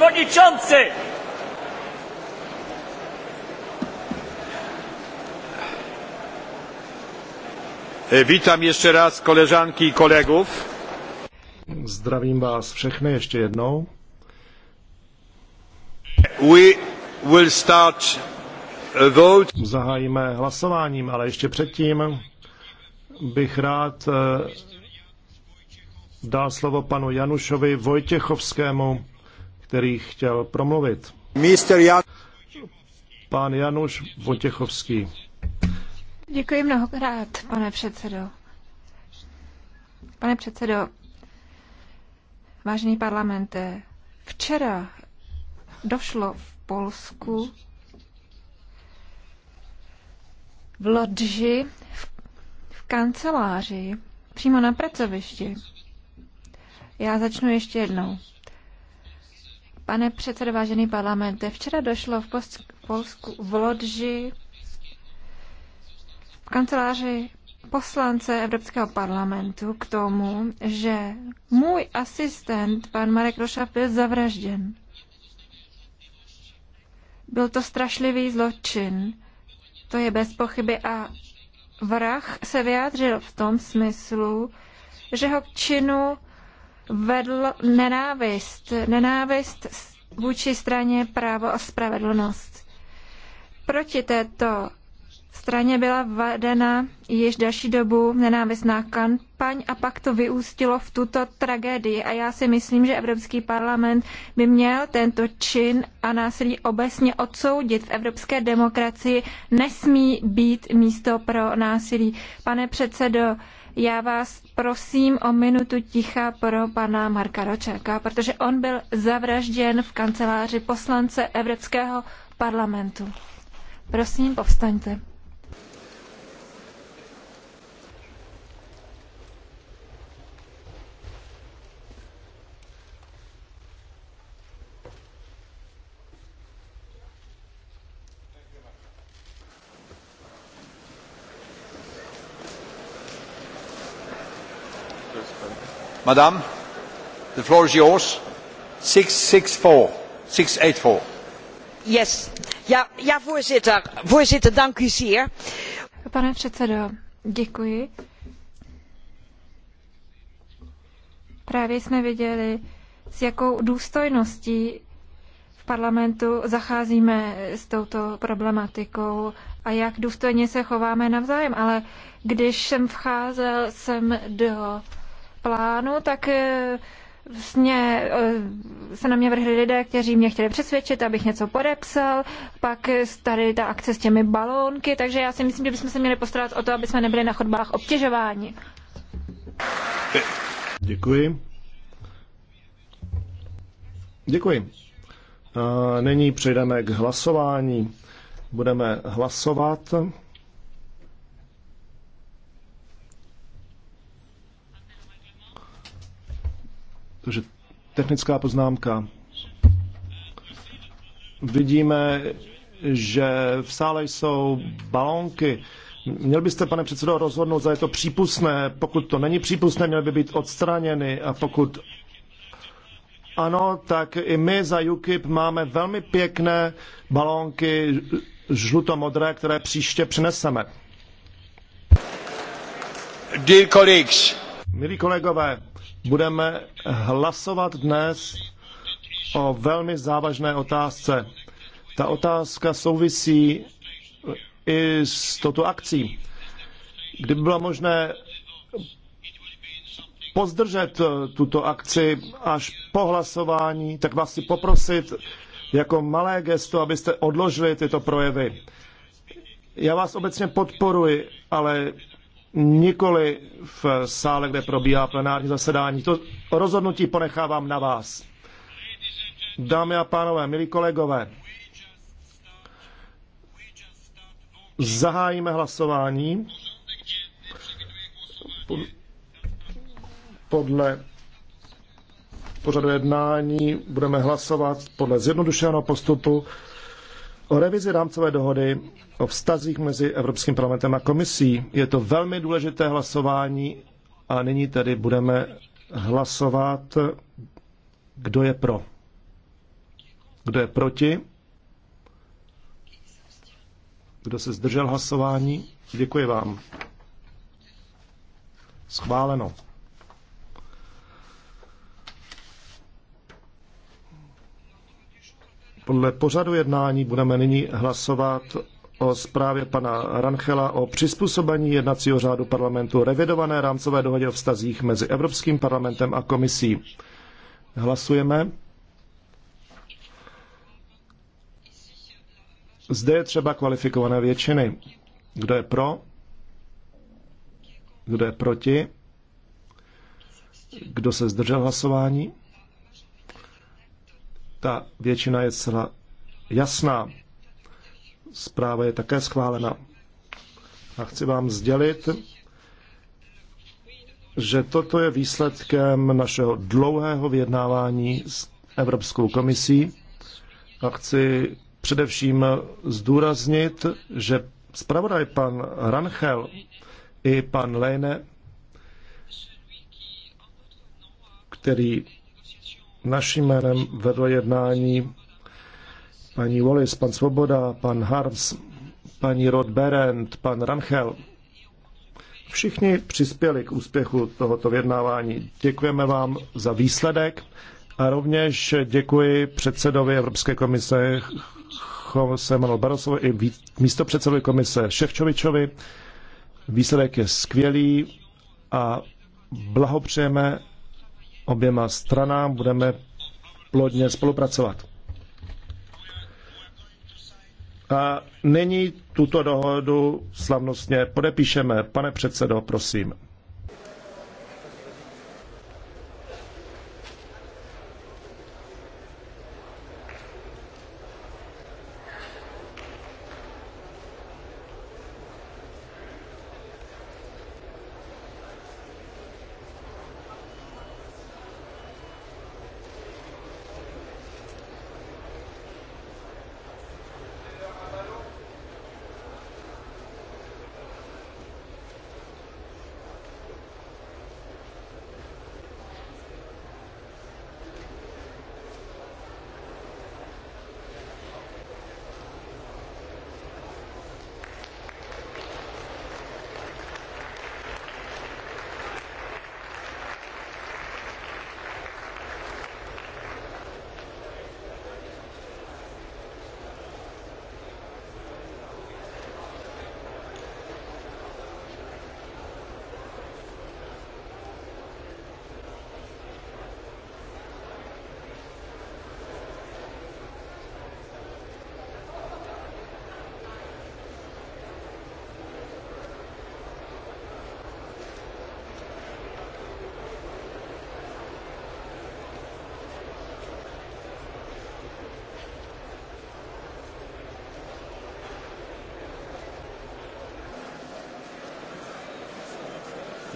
przewodniczący! E, witam jeszcze raz koleżanki i kolegów. Zdravím vás wszystkich ještě jednou. We will start vote. Zahájíme hlasováním, ale ještě předtím bych rád e, dal slovo panu Janušovi Vojtěchovskému, který chtěl promluvit. Jan... Pán Januš Votěchovský. Děkuji mnohokrát, pane předsedo. Pane předsedo, vážený parlamente, včera došlo v Polsku v lodži, v, v kanceláři, přímo na pracovišti. Já začnu ještě jednou. Pane předsedo, vážený parlamente, včera došlo v Polsku, v Lodži v kanceláři poslance Evropského parlamentu k tomu, že můj asistent, pan Marek Rošav, byl zavražděn. Byl to strašlivý zločin. To je bez pochyby a vrah se vyjádřil v tom smyslu, že ho k činu vedl nenávist. Nenávist vůči straně právo a spravedlnost. Proti této straně byla vedena již další dobu nenávistná kampaň a pak to vyústilo v tuto tragédii. A já si myslím, že Evropský parlament by měl tento čin a násilí obecně odsoudit. V evropské demokracii nesmí být místo pro násilí. Pane předsedo, já vás prosím o minutu ticha pro pana Marka Ročáka, protože on byl zavražděn v kanceláři poslance Evropského parlamentu. Prosím, povstaňte. Madame, the floor is yours. 664. 684. Yes. Ja, ja, voorzitter. Voorzitter, dank u zeer. Pane předsedo, děkuji. Právě jsme viděli, s jakou důstojností v parlamentu zacházíme s touto problematikou a jak důstojně se chováme navzájem. Ale když jsem vcházel sem do plánu, tak vlastně se na mě vrhli lidé, kteří mě chtěli přesvědčit, abych něco podepsal, pak eh, tady ta akce s těmi balónky, takže já si myslím, že bychom se měli postarat o to, aby jsme nebyli na chodbách obtěžováni. Děkuji. Děkuji. nyní přejdeme k hlasování. Budeme hlasovat. protože technická poznámka. Vidíme, že v sále jsou balónky. Měl byste, pane předsedo, rozhodnout, zda je to přípustné. Pokud to není přípustné, měly by být odstraněny. A pokud ano, tak i my za UKIP máme velmi pěkné balónky žlutomodré, které příště přineseme. Dear colleagues, Milí kolegové, budeme hlasovat dnes o velmi závažné otázce. Ta otázka souvisí i s touto akcí. Kdyby bylo možné pozdržet tuto akci až po hlasování, tak vás si poprosit jako malé gesto, abyste odložili tyto projevy. Já vás obecně podporuji, ale nikoli v sále, kde probíhá plenární zasedání. To rozhodnutí ponechávám na vás. Dámy a pánové, milí kolegové, zahájíme hlasování podle pořadu jednání budeme hlasovat podle zjednodušeného postupu o revizi rámcové dohody o vztazích mezi Evropským parlamentem a komisí. Je to velmi důležité hlasování a nyní tedy budeme hlasovat, kdo je pro. Kdo je proti? Kdo se zdržel hlasování? Děkuji vám. Schváleno. Podle pořadu jednání budeme nyní hlasovat o zprávě pana Ranchela o přizpůsobení jednacího řádu parlamentu revidované rámcové dohodě o vztazích mezi Evropským parlamentem a komisí. Hlasujeme. Zde je třeba kvalifikované většiny. Kdo je pro? Kdo je proti? Kdo se zdržel hlasování? Ta většina je celá jasná. Zpráva je také schválena. A chci vám sdělit, že toto je výsledkem našeho dlouhého vyjednávání s Evropskou komisí. A chci především zdůraznit, že zpravodaj pan Ranchel i pan Lejne, který naším jménem vedl jednání paní Wallis, pan Svoboda, pan Harms, paní Rod Berend, pan Ranchel. Všichni přispěli k úspěchu tohoto vyjednávání. Děkujeme vám za výsledek a rovněž děkuji předsedovi Evropské komise Jose Manuel Barosovi i místopředsedovi komise Ševčovičovi. Výsledek je skvělý a blahopřejeme oběma stranám budeme plodně spolupracovat. A nyní tuto dohodu slavnostně podepíšeme. Pane předsedo, prosím.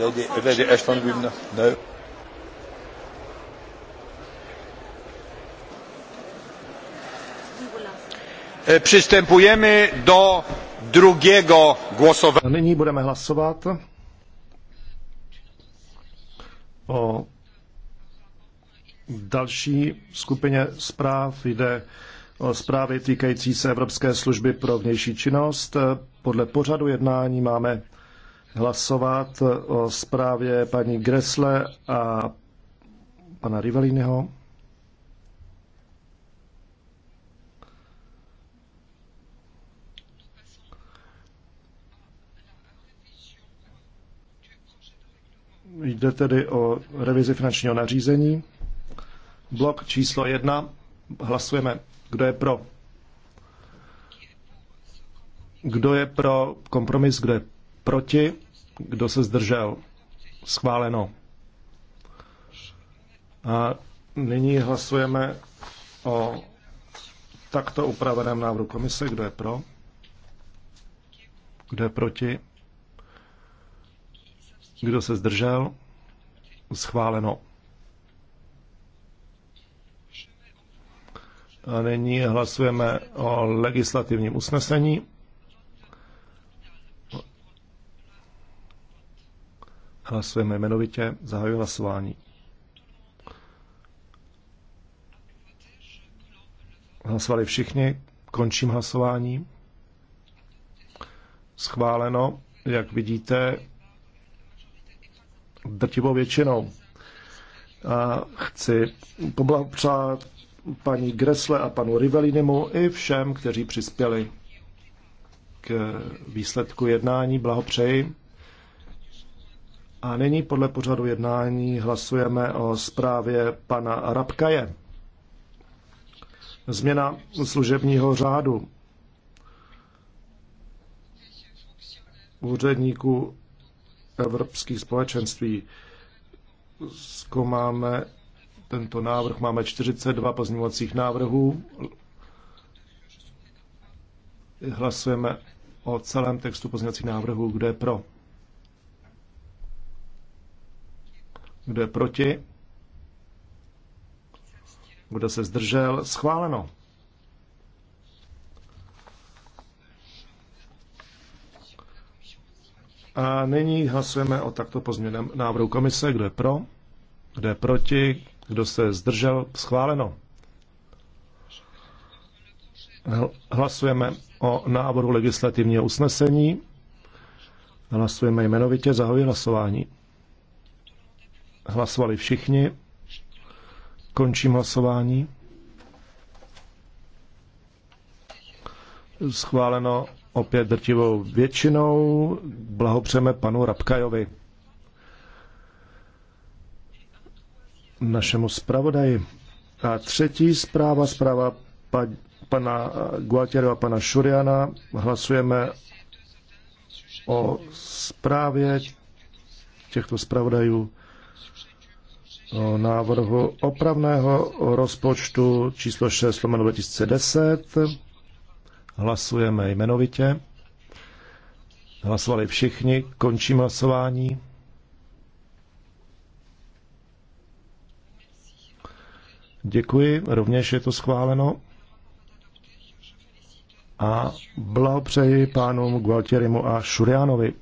Lady, Lady Ashton will know. No. E, Přistępujemy do druhého głosowania. Nyní budeme hlasovat o další skupině zpráv. Jde o zprávy týkající se Evropské služby pro vnější činnost. Podle pořadu jednání máme hlasovat o zprávě paní Gresle a pana Riveliniho. Jde tedy o revizi finančního nařízení. Blok číslo jedna. Hlasujeme, kdo je pro. Kdo je pro kompromis, kdo je Proti? Kdo se zdržel? Schváleno. A nyní hlasujeme o takto upraveném návrhu komise. Kdo je pro? Kdo je proti? Kdo se zdržel? Schváleno. A nyní hlasujeme o legislativním usnesení. Hlasujeme jmenovitě. Zahajuji hlasování. Hlasovali všichni. Končím hlasování. Schváleno, jak vidíte, drtivou většinou. A chci poblahopřát paní Gresle a panu Rivelinimu i všem, kteří přispěli k výsledku jednání. Blahopřeji. A nyní podle pořadu jednání hlasujeme o zprávě pana Rabkaje. Změna služebního řádu úředníků evropských společenství. Zkoumáme tento návrh. Máme 42 pozměňovacích návrhů. Hlasujeme o celém textu pozměňovacích návrhů, kde je pro. Kdo je proti? Kdo se zdržel? Schváleno. A nyní hlasujeme o takto pozměněném návrhu komise. Kdo je pro? Kdo je proti? Kdo se zdržel? Schváleno. Hlasujeme o návrhu legislativního usnesení. Hlasujeme jmenovitě. Zahoji hlasování. Hlasovali všichni. Končím hlasování. Schváleno opět drtivou většinou. Blahopřejeme panu Rabkajovi. Našemu zpravodaji. A třetí zpráva, zpráva pa, pana Guatěru a pana Šuriana. Hlasujeme o zprávě těchto zpravodajů návrhu opravného rozpočtu číslo 6 lomeno 2010. Hlasujeme jmenovitě. Hlasovali všichni, končím hlasování. Děkuji, rovněž je to schváleno. A blahopřeji pánům Gualtierimu a Šurianovi.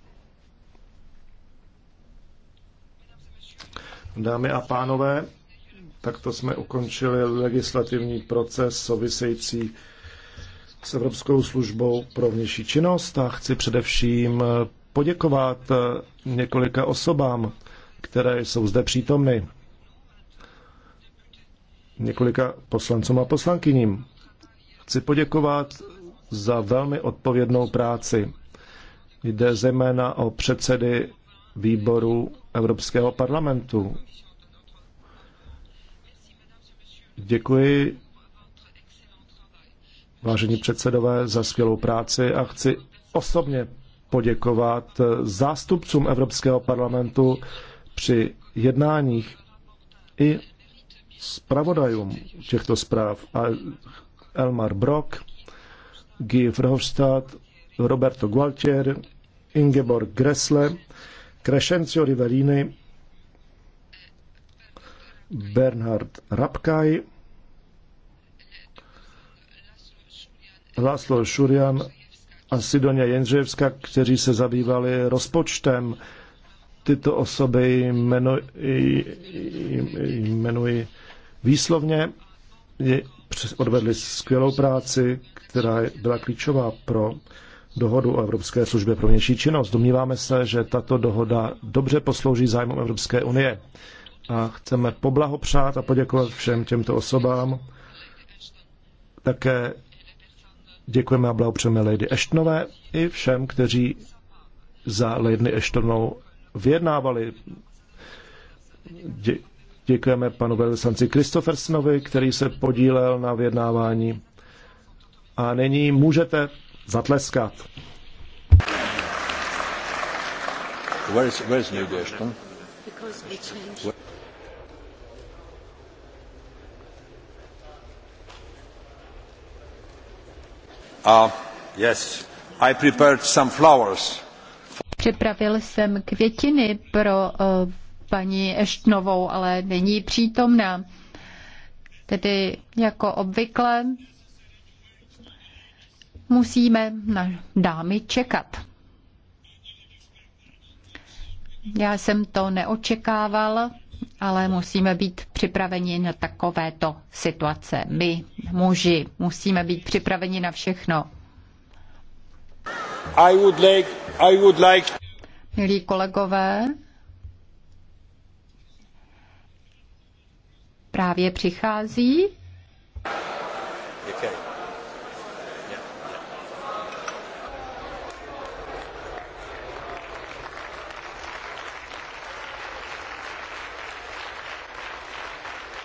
Dámy a pánové, takto jsme ukončili legislativní proces související s Evropskou službou pro vnější činnost a chci především poděkovat několika osobám, které jsou zde přítomny. Několika poslancům a poslankyním. Chci poděkovat za velmi odpovědnou práci. Jde zejména o předsedy výboru Evropského parlamentu. Děkuji, vážení předsedové, za skvělou práci a chci osobně poděkovat zástupcům Evropského parlamentu při jednáních i zpravodajům těchto zpráv. A Elmar Brock, Guy Verhofstadt, Roberto Gualtier, Ingeborg Gressle, Crescenzio Riverini, Bernhard Rapkaj, Laszlo Šurian a Sidonia Jendřejevska, kteří se zabývali rozpočtem. Tyto osoby jmenuji, jmenuji výslovně. Odvedli skvělou práci, která byla klíčová pro dohodu o Evropské službě pro vnější činnost. Domníváme se, že tato dohoda dobře poslouží zájmům Evropské unie. A chceme poblahopřát a poděkovat všem těmto osobám. Také děkujeme a blahopřejeme Lady Eštnové i všem, kteří za Lady Eštnovou vyjednávali. Dě- děkujeme panu velvyslanci Kristofersnovi, který se podílel na vyjednávání. A nyní můžete zatleskat. Where is, where is Uh, yes, I prepared some flowers. Připravil jsem květiny pro uh, paní Eštnovou, ale není přítomná. Tedy jako obvykle musíme na dámy čekat. Já jsem to neočekával, ale musíme být připraveni na takovéto situace. My, muži, musíme být připraveni na všechno. I would like, I would like... Milí kolegové, právě přichází. Okay.